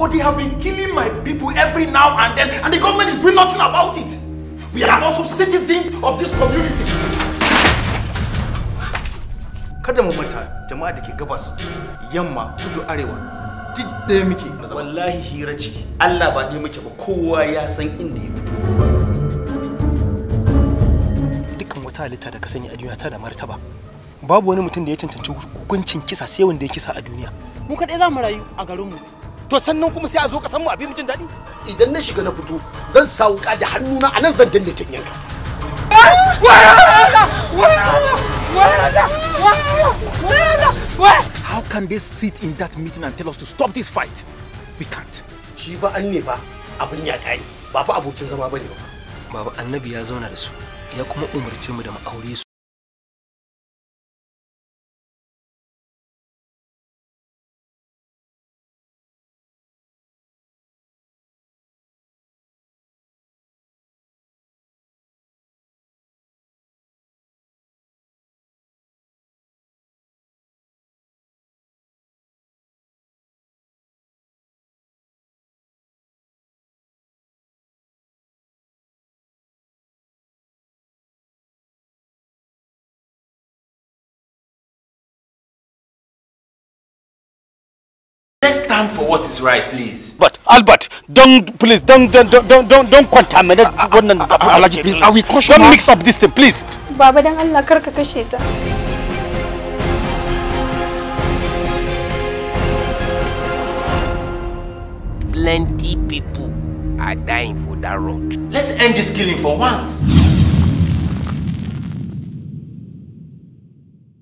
But they have been killing my people every now and then, and the government is doing nothing about it. We are also citizens of this community. Kada mu manta jama'a da ke gabas, yamma, kudu, arewa, duk ɗaya muke. Wallahi hira ce, Allah ba ne muke ba kowa ya san inda ya fito. Dukkan wata halitta da ka sani a duniya tana martaba. Babu wani mutum da ya cancanci hukuncin kisa sai wanda ya kisa a duniya. Mu kaɗai za mu rayu a garinmu. to sannan kuma sai a zo ka san mu abin mutum daɗi idan na shiga na fito zan sa wuka da hannuna a nan zan danne ta yanka How can they sit in that meeting and tell us to stop this fight? We can't. Shi ba an ne ba abin ya kare ba fa abokin zama bane ba. Baba Annabi ya zauna da su ya kuma umarce mu da mu aure su. stand for what is right, please. But Albert, don't please don't don't don't don't, don't contaminate uh, uh, uh, uh, uh please. Are we cautious? Don't mix up this thing, please. Baba dan Allah kar ka Plenty people are dying for that road. Let's end this killing for once.